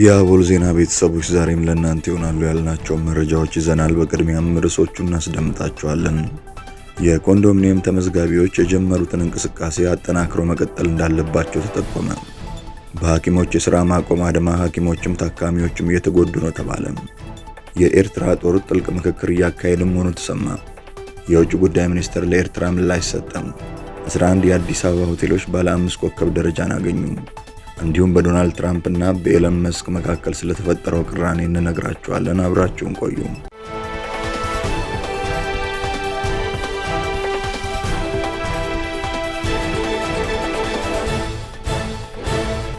የአቦል ዜና ቤተሰቦች ዛሬም ለእናንተ ይሆናሉ ያልናቸውን መረጃዎች ይዘናል። በቅድሚያም ርዕሶቹ እናስደምጣቸዋለን። የኮንዶሚኒየም ተመዝጋቢዎች የጀመሩትን እንቅስቃሴ አጠናክሮ መቀጠል እንዳለባቸው ተጠቆመ። በሐኪሞች የሥራ ማቆም አድማ ሐኪሞችም ታካሚዎችም እየተጎዱ ነው ተባለ። የኤርትራ ጦር ጥልቅ ምክክር እያካሄደ መሆኑ ተሰማ። የውጭ ጉዳይ ሚኒስትር ለኤርትራ ምላሽ ሰጠም። 11 የአዲስ አበባ ሆቴሎች ባለ አምስት ኮከብ ደረጃን አገኙ። እንዲሁም በዶናልድ ትራምፕ እና በኤለን መስክ መካከል ስለተፈጠረው ቅራኔ እንነግራችኋለን። አብራችሁን ቆዩ።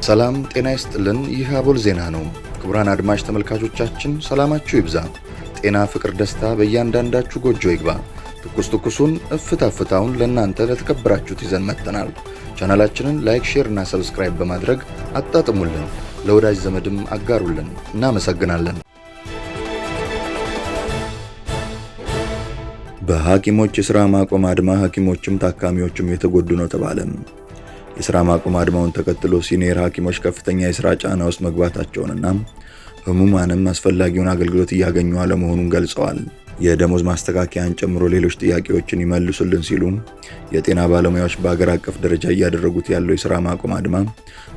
ሰላም ጤና ይስጥልን። ይህ አቦል ዜና ነው። ክቡራን አድማጭ ተመልካቾቻችን ሰላማችሁ ይብዛ፣ ጤና፣ ፍቅር፣ ደስታ በእያንዳንዳችሁ ጎጆ ይግባ። ትኩስ ትኩሱን እፍታ ፍታውን ለእናንተ ለተከበራችሁት ይዘን መጥተናል። ቻናላችንን ላይክ፣ ሼር እና ሰብስክራይብ በማድረግ አጣጥሙልን፣ ለወዳጅ ዘመድም አጋሩልን። እናመሰግናለን። በሐኪሞች የሥራ ማቆም አድማ ሐኪሞችም ታካሚዎችም የተጎዱ ነው ተባለ። የሥራ ማቆም አድማውን ተከትሎ ሲኒየር ሐኪሞች ከፍተኛ የሥራ ጫና ውስጥ መግባታቸውንና ህሙማንም አስፈላጊውን አገልግሎት እያገኙ አለመሆኑን ገልጸዋል። የደሞዝ ማስተካከያን ጨምሮ ሌሎች ጥያቄዎችን ይመልሱልን ሲሉ የጤና ባለሙያዎች በሀገር አቀፍ ደረጃ እያደረጉት ያለው የስራ ማቆም አድማ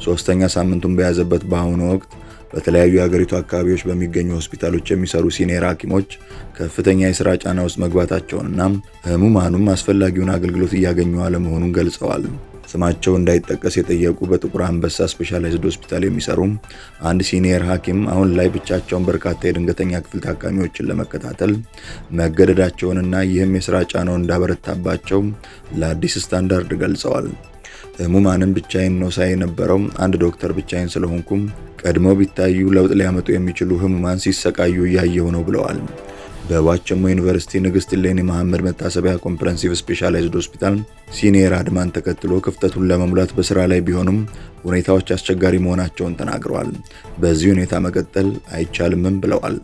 ሶስተኛ ሳምንቱን በያዘበት በአሁኑ ወቅት በተለያዩ የሀገሪቱ አካባቢዎች በሚገኙ ሆስፒታሎች የሚሰሩ ሲኒየር ሐኪሞች ከፍተኛ የስራ ጫና ውስጥ መግባታቸውንና ህሙማኑም አስፈላጊውን አገልግሎት እያገኙ አለመሆኑን ገልጸዋል። ስማቸው እንዳይጠቀስ የጠየቁ በጥቁር አንበሳ ስፔሻላይዝድ ሆስፒታል የሚሰሩ አንድ ሲኒየር ሐኪም አሁን ላይ ብቻቸውን በርካታ የድንገተኛ ክፍል ታካሚዎችን ለመከታተል መገደዳቸውንና ይህም የስራ ጫናው እንዳበረታባቸው ለአዲስ ስታንዳርድ ገልጸዋል። ህሙማንም ብቻዬን ነው ሳይ የነበረው አንድ ዶክተር ብቻዬን ስለሆንኩም ቀድመው ቢታዩ ለውጥ ሊያመጡ የሚችሉ ህሙማን ሲሰቃዩ እያየሁ ነው ብለዋል። በዋቸሞ ዩኒቨርሲቲ ንግስት እሌኒ መሐመድ መታሰቢያ ኮምፕረንሲቭ ስፔሻላይዝድ ሆስፒታል ሲኒየር አድማን ተከትሎ ክፍተቱን ለመሙላት በስራ ላይ ቢሆኑም ሁኔታዎች አስቸጋሪ መሆናቸውን ተናግረዋል። በዚህ ሁኔታ መቀጠል አይቻልምም ብለዋል።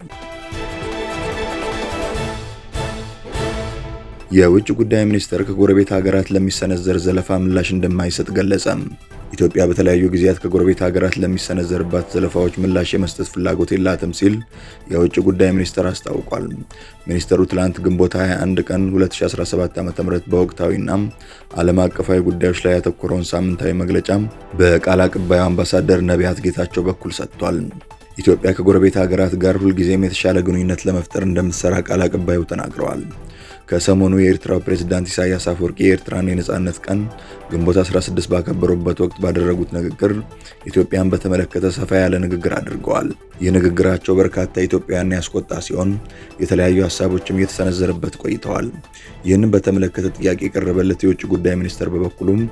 የውጭ ጉዳይ ሚኒስቴር ከጎረቤት ሀገራት ለሚሰነዘር ዘለፋ ምላሽ እንደማይሰጥ ገለጸ። ኢትዮጵያ በተለያዩ ጊዜያት ከጎረቤት ሀገራት ለሚሰነዘርባት ዘለፋዎች ምላሽ የመስጠት ፍላጎት የላትም ሲል የውጭ ጉዳይ ሚኒስቴር አስታውቋል። ሚኒስቴሩ ትላንት ግንቦት 21 ቀን 2017 በወቅታዊ በወቅታዊና ዓለም አቀፋዊ ጉዳዮች ላይ ያተኮረውን ሳምንታዊ መግለጫ በቃል አቀባዩ አምባሳደር ነቢያት ጌታቸው በኩል ሰጥቷል። ኢትዮጵያ ከጎረቤት ሀገራት ጋር ሁልጊዜም የተሻለ ግንኙነት ለመፍጠር እንደምትሰራ ቃል አቀባዩ ተናግረዋል። ከሰሞኑ የኤርትራው ፕሬዝዳንት ኢሳያስ አፈወርቂ የኤርትራን የነጻነት ቀን ግንቦት 16 ባከበሩበት ወቅት ባደረጉት ንግግር ኢትዮጵያን በተመለከተ ሰፋ ያለ ንግግር አድርገዋል። ይህ ንግግራቸው በርካታ ኢትዮጵያውያን ያስቆጣ ሲሆን የተለያዩ ሀሳቦችም እየተሰነዘረበት ቆይተዋል። ይህንን በተመለከተ ጥያቄ የቀረበለት የውጭ ጉዳይ ሚኒስትር በበኩሉም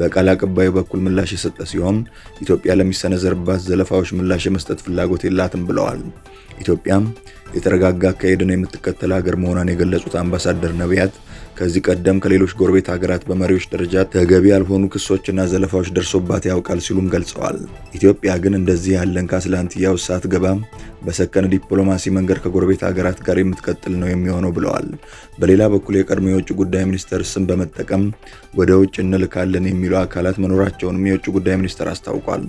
በቃል አቀባዩ በኩል ምላሽ የሰጠ ሲሆን ኢትዮጵያ ለሚሰነዘርባት ዘለፋዎች ምላሽ የመስጠት ፍላጎት ፍላጎት የላትም ብለዋል። ኢትዮጵያም የተረጋጋ አካሄድን የምትከተል ሀገር መሆኗን የገለጹት አምባሳደር ነቢያት ከዚህ ቀደም ከሌሎች ጎረቤት ሀገራት በመሪዎች ደረጃ ተገቢ ያልሆኑ ክሶችና ዘለፋዎች ደርሶባት ያውቃል ሲሉም ገልጸዋል። ኢትዮጵያ ግን እንደዚህ ያለን ከአትላንቲያው ሳትገባ በሰከነ ዲፕሎማሲ መንገድ ከጎረቤት ሀገራት ጋር የምትቀጥል ነው የሚሆነው ብለዋል። በሌላ በኩል የቀድሞ የውጭ ጉዳይ ሚኒስተር ስም በመጠቀም ወደ ውጭ እንልካለን የሚሉ አካላት መኖራቸውንም የውጭ ጉዳይ ሚኒስተር አስታውቋል።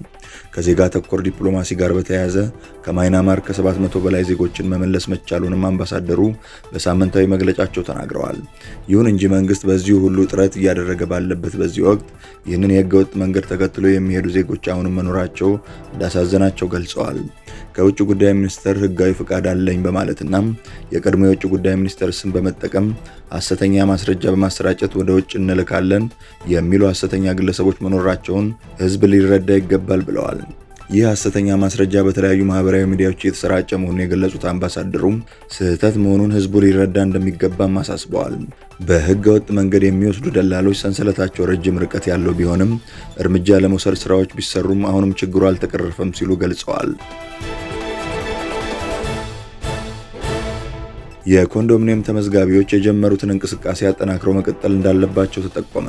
ከዜጋ ተኮር ዲፕሎማሲ ጋር በተያያዘ ከማይናማር ከ700 በላይ ዜጎችን መመለስ መቻሉንም አምባሳደሩ በሳምንታዊ መግለጫቸው ተናግረዋል። ይሁን እንጂ መንግስት በዚሁ ሁሉ ጥረት እያደረገ ባለበት በዚህ ወቅት ይህንን የህገወጥ መንገድ ተከትሎ የሚሄዱ ዜጎች አሁንም መኖራቸው እንዳሳዘናቸው ገልጸዋል። ከውጭ ጉዳይ ሚኒስቴር ህጋዊ ፍቃድ አለኝ በማለትና የቀድሞ የውጭ ጉዳይ ሚኒስቴር ስም በመጠቀም ሐሰተኛ ማስረጃ በማሰራጨት ወደ ውጭ እንልካለን የሚሉ ሐሰተኛ ግለሰቦች መኖራቸውን ህዝብ ሊረዳ ይገባል ብለዋል። ይህ ሐሰተኛ ማስረጃ በተለያዩ ማህበራዊ ሚዲያዎች እየተሰራጨ መሆኑን የገለጹት አምባሳደሩም ስህተት መሆኑን ህዝቡ ሊረዳ እንደሚገባም አሳስበዋል። በህገ ወጥ መንገድ የሚወስዱ ደላሎች ሰንሰለታቸው ረጅም ርቀት ያለው ቢሆንም እርምጃ ለመውሰድ ስራዎች ቢሰሩም አሁንም ችግሩ አልተቀረፈም ሲሉ ገልጸዋል። የኮንዶሚኒየም ተመዝጋቢዎች የጀመሩትን እንቅስቃሴ አጠናክረው መቀጠል እንዳለባቸው ተጠቆመ።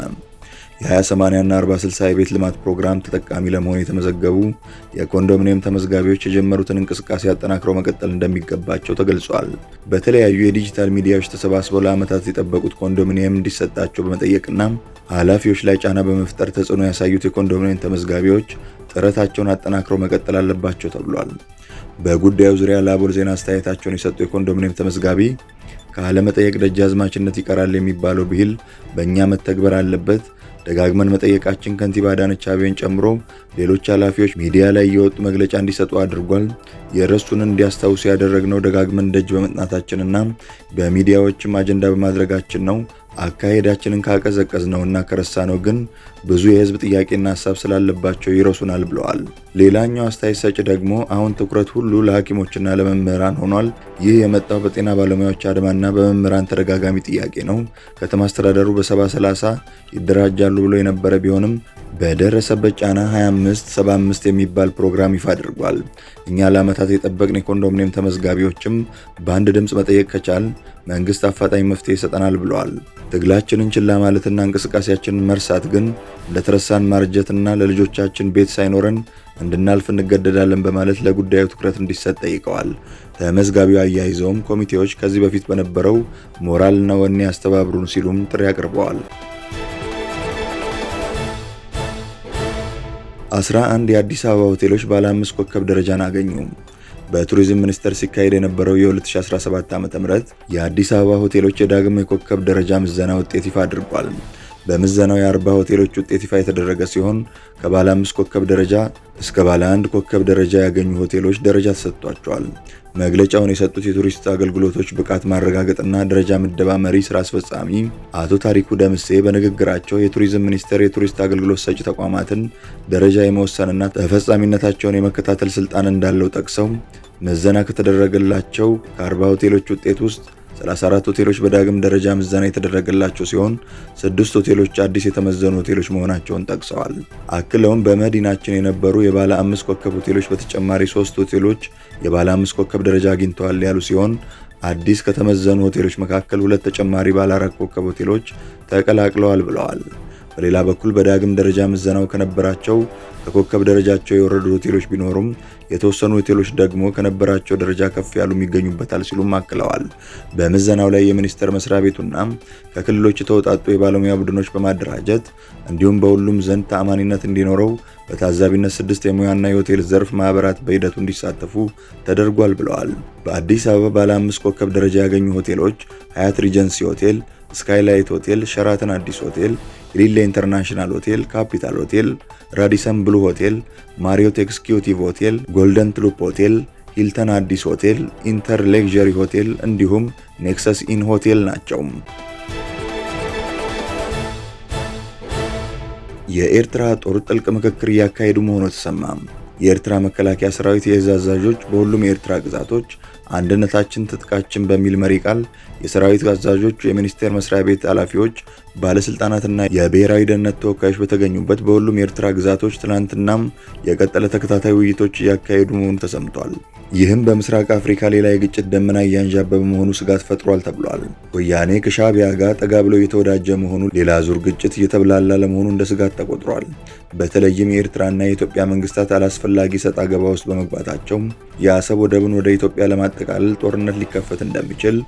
የ20/80 እና 40/60 የቤት ልማት ፕሮግራም ተጠቃሚ ለመሆን የተመዘገቡ የኮንዶሚኒየም ተመዝጋቢዎች የጀመሩትን እንቅስቃሴ አጠናክረው መቀጠል እንደሚገባቸው ተገልጿል። በተለያዩ የዲጂታል ሚዲያዎች ተሰባስበው ለዓመታት የጠበቁት ኮንዶሚኒየም እንዲሰጣቸው በመጠየቅና ኃላፊዎች ላይ ጫና በመፍጠር ተጽዕኖ ያሳዩት የኮንዶሚኒየም ተመዝጋቢዎች ጥረታቸውን አጠናክረው መቀጠል አለባቸው ተብሏል። በጉዳዩ ዙሪያ ለአቦል ዜና አስተያየታቸውን የሰጡ የኮንዶሚኒየም ተመዝጋቢ ካለመጠየቅ ደጃዝማችነት ይቀራል የሚባለው ብሂል በእኛ መተግበር አለበት ደጋግመን መጠየቃችን ከንቲባ አዳነች አቤቤን ጨምሮ ሌሎች ኃላፊዎች ሚዲያ ላይ እየወጡ መግለጫ እንዲሰጡ አድርጓል። የረሱንን እንዲያስታውሱ ያደረግነው ደጋግመን ደጅ በመጥናታችንና በሚዲያዎችም አጀንዳ በማድረጋችን ነው። አካሄዳችንን ካቀዘቀዝ ነውና ከረሳ ነው ግን ብዙ የህዝብ ጥያቄና ሀሳብ ስላለባቸው ይረሱናል ብለዋል። ሌላኛው አስተያየት ሰጭ ደግሞ አሁን ትኩረት ሁሉ ለሐኪሞችና ለመምህራን ሆኗል። ይህ የመጣው በጤና ባለሙያዎች አድማና በመምህራን ተደጋጋሚ ጥያቄ ነው። ከተማ አስተዳደሩ በሰባ ሰላሳ ይደራጃሉ ብሎ የነበረ ቢሆንም በደረሰበት ጫና 2575 የሚባል ፕሮግራም ይፋ አድርጓል። እኛ ለዓመታት የጠበቅን የኮንዶሚኒየም ተመዝጋቢዎችም በአንድ ድምፅ መጠየቅ ከቻል መንግስት አፋጣኝ መፍትሄ ይሰጠናል ብለዋል። ትግላችንን ችላ ማለትና እንቅስቃሴያችንን መርሳት ግን ለተረሳን ማርጀትና ለልጆቻችን ቤት ሳይኖረን እንድናልፍ እንገደዳለን በማለት ለጉዳዩ ትኩረት እንዲሰጥ ጠይቀዋል። ተመዝጋቢው አያይዘውም ኮሚቴዎች ከዚህ በፊት በነበረው ሞራልና ወኔ ያስተባብሩን ሲሉም ጥሪ አቅርበዋል። 11 የአዲስ አበባ ሆቴሎች ባለ አምስት ኮከብ ደረጃን አገኙ። በቱሪዝም ሚኒስቴር ሲካሄድ የነበረው የ2017 ዓ ም የአዲስ አበባ ሆቴሎች የዳግም የኮከብ ደረጃ ምዘና ውጤት ይፋ አድርጓል። በምዘናው የአርባ ሆቴሎች ውጤት ይፋ የተደረገ ሲሆን ከባለ አምስት ኮከብ ደረጃ እስከ ባለ አንድ ኮከብ ደረጃ ያገኙ ሆቴሎች ደረጃ ተሰጥቷቸዋል። መግለጫውን የሰጡት የቱሪስት አገልግሎቶች ብቃት ማረጋገጥና ደረጃ ምደባ መሪ ስራ አስፈጻሚ አቶ ታሪኩ ደምሴ በንግግራቸው የቱሪዝም ሚኒስቴር የቱሪስት አገልግሎት ሰጪ ተቋማትን ደረጃ የመወሰንና ተፈጻሚነታቸውን የመከታተል ስልጣን እንዳለው ጠቅሰው ምዘና ከተደረገላቸው ከአርባ ሆቴሎች ውጤት ውስጥ 34 ሆቴሎች በዳግም ደረጃ ምዘና የተደረገላቸው ሲሆን ስድስት ሆቴሎች አዲስ የተመዘኑ ሆቴሎች መሆናቸውን ጠቅሰዋል። አክለውም በመዲናችን የነበሩ የባለ አምስት ኮከብ ሆቴሎች በተጨማሪ ሶስት ሆቴሎች የባለ አምስት ኮከብ ደረጃ አግኝተዋል ያሉ ሲሆን አዲስ ከተመዘኑ ሆቴሎች መካከል ሁለት ተጨማሪ ባለ አራት ኮከብ ሆቴሎች ተቀላቅለዋል ብለዋል። በሌላ በኩል በዳግም ደረጃ ምዘናው ከነበራቸው ከኮከብ ደረጃቸው የወረዱ ሆቴሎች ቢኖሩም የተወሰኑ ሆቴሎች ደግሞ ከነበራቸው ደረጃ ከፍ ያሉ ይገኙበታል ሲሉም አክለዋል። በምዘናው ላይ የሚኒስቴር መስሪያ ቤቱና ከክልሎች የተወጣጡ የባለሙያ ቡድኖች በማደራጀት እንዲሁም በሁሉም ዘንድ ተአማኒነት እንዲኖረው በታዛቢነት ስድስት የሙያና የሆቴል ዘርፍ ማህበራት በሂደቱ እንዲሳተፉ ተደርጓል ብለዋል። በአዲስ አበባ ባለ አምስት ኮከብ ደረጃ ያገኙ ሆቴሎች ሀያት ሪጀንሲ ሆቴል፣ ስካይላይት ሆቴል፣ ሸራተን አዲስ ሆቴል፣ ሊሌ ኢንተርናሽናል ሆቴል፣ ካፒታል ሆቴል፣ ራዲሰን ብሉ ሆቴል፣ ማሪዮት ኤክስኪዩቲቭ ሆቴል፣ ጎልደን ትሉፕ ሆቴል፣ ሂልተን አዲስ ሆቴል፣ ኢንተር ሌክዠሪ ሆቴል እንዲሁም ኔክሰስ ኢን ሆቴል ናቸው። የኤርትራ ጦር ጥልቅ ምክክር እያካሄዱ መሆኑ ተሰማ። የኤርትራ መከላከያ ሰራዊት የእዝ አዛዦች በሁሉም የኤርትራ ግዛቶች አንድነታችን ትጥቃችን በሚል መሪ ቃል የሰራዊት አዛዦች፣ የሚኒስቴር መስሪያ ቤት ኃላፊዎች፣ ባለስልጣናትና የብሔራዊ ደህንነት ተወካዮች በተገኙበት በሁሉም የኤርትራ ግዛቶች ትናንትናም የቀጠለ ተከታታይ ውይይቶች እያካሄዱ መሆኑ ተሰምቷል። ይህም በምስራቅ አፍሪካ ሌላ የግጭት ደመና እያንዣበበ መሆኑ ስጋት ፈጥሯል ተብሏል። ወያኔ ከሻቢያ ጋር ጠጋ ብለው የተወዳጀ መሆኑ ሌላ ዙር ግጭት እየተብላላ ለመሆኑ እንደ ስጋት ተቆጥሯል። በተለይም የኤርትራና የኢትዮጵያ መንግስታት አላስፈላጊ ሰጣ ገባ ውስጥ በመግባታቸው የአሰብ ወደብን ወደ ኢትዮጵያ ለማጠቃለል ጦርነት ሊከፈት እንደሚችል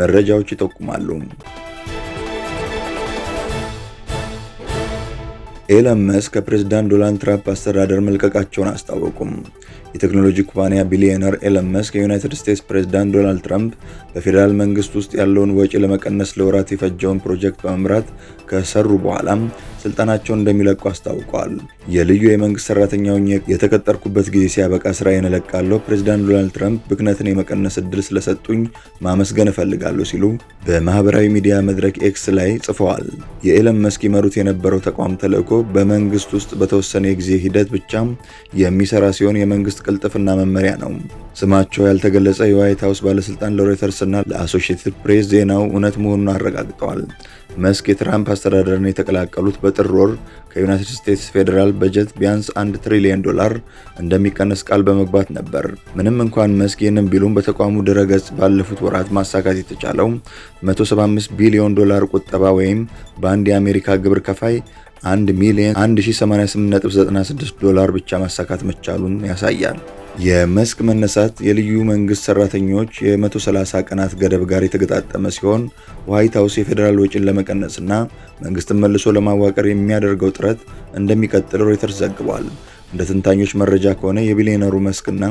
መረጃዎች ይጠቁማሉ። ኤለን መስክ ከፕሬዝዳንት ዶናልድ ትራምፕ አስተዳደር መልቀቃቸውን አስታወቁም። የቴክኖሎጂ ኩባንያ ቢሊዮነር ኤለን መስክ የዩናይትድ ስቴትስ ፕሬዝዳንት ዶናልድ ትራምፕ በፌዴራል መንግስት ውስጥ ያለውን ወጪ ለመቀነስ ለወራት የፈጀውን ፕሮጀክት በመምራት ከሰሩ በኋላም ስልጣናቸውን እንደሚለቁ አስታውቀዋል። የልዩ የመንግስት ሰራተኛ የተቀጠርኩበት ጊዜ ሲያበቃ ስራዬን እለቃለሁ። ፕሬዚዳንት ዶናልድ ትራምፕ ብክነትን የመቀነስ እድል ስለሰጡኝ ማመስገን እፈልጋለሁ ሲሉ በማህበራዊ ሚዲያ መድረክ ኤክስ ላይ ጽፈዋል። የኤለን መስክ ይመሩት የነበረው ተቋም ተልእኮ በመንግስት ውስጥ በተወሰነ የጊዜ ሂደት ብቻ የሚሰራ ሲሆን የመንግስት ቅልጥፍና መመሪያ ነው። ስማቸው ያልተገለጸ የዋይት ሀውስ ባለስልጣን ለሮይተርስና ለአሶሺየትድ ፕሬስ ዜናው እውነት መሆኑን አረጋግጠዋል። መስክ የትራምፕ አስተዳደርን የተቀላቀሉት በጥር ወር ከዩናይትድ ስቴትስ ፌዴራል በጀት ቢያንስ አንድ ትሪሊየን ዶላር እንደሚቀነስ ቃል በመግባት ነበር። ምንም እንኳን መስክ ይህንን ቢሉም በተቋሙ ድረገጽ ባለፉት ወራት ማሳካት የተቻለው 175 ቢሊዮን ዶላር ቁጠባ ወይም በአንድ የአሜሪካ ግብር ከፋይ 1 ሚሊዮን 1088.96 ዶላር ብቻ ማሳካት መቻሉን ያሳያል። የመስክ መነሳት የልዩ መንግስት ሰራተኞች የ130 ቀናት ገደብ ጋር የተገጣጠመ ሲሆን ዋይት ሀውስ የፌዴራል ወጪን ለመቀነስና መንግስትን መልሶ ለማዋቀር የሚያደርገው ጥረት እንደሚቀጥል ሮይተርስ ዘግቧል። እንደ ትንታኞች መረጃ ከሆነ የቢሊዮነሩ መስክና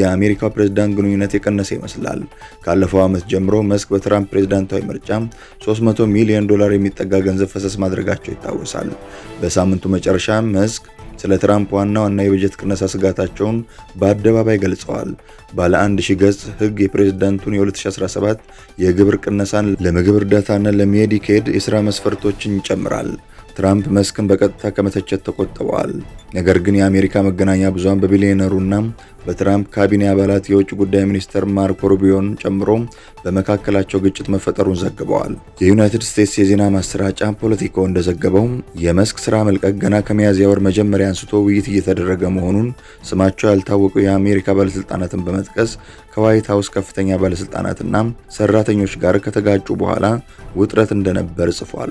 የአሜሪካው ፕሬዝዳንት ግንኙነት የቀነሰ ይመስላል። ካለፈው ዓመት ጀምሮ መስክ በትራምፕ ፕሬዝዳንታዊ ምርጫ 300 ሚሊዮን ዶላር የሚጠጋ ገንዘብ ፈሰስ ማድረጋቸው ይታወሳል። በሳምንቱ መጨረሻ መስክ ስለ ትራምፕ ዋና ዋና የበጀት ቅነሳ ስጋታቸውን በአደባባይ ገልጸዋል። ባለ አንድ ሺህ ገጽ ህግ የፕሬዝዳንቱን የ2017 የግብር ቅነሳን ለምግብ እርዳታና ለሜዲኬድ የሥራ መስፈርቶችን ይጨምራል። ትራምፕ መስክን በቀጥታ ከመተቸት ተቆጥበዋል። ነገር ግን የአሜሪካ መገናኛ ብዙሃን በቢሊዮነሩና በትራምፕ ካቢኔ አባላት የውጭ ጉዳይ ሚኒስትር ማርኮ ሩቢዮን ጨምሮ በመካከላቸው ግጭት መፈጠሩን ዘግበዋል። የዩናይትድ ስቴትስ የዜና ማሰራጫ ፖለቲኮ እንደዘገበው የመስክ ስራ መልቀቅ ገና ከሚያዝያ ወር መጀመሪያ አንስቶ ውይይት እየተደረገ መሆኑን ስማቸው ያልታወቁ የአሜሪካ ባለስልጣናትን በመጥቀስ ከዋይት ሀውስ ከፍተኛ ባለስልጣናትና ሰራተኞች ጋር ከተጋጩ በኋላ ውጥረት እንደነበር ጽፏል።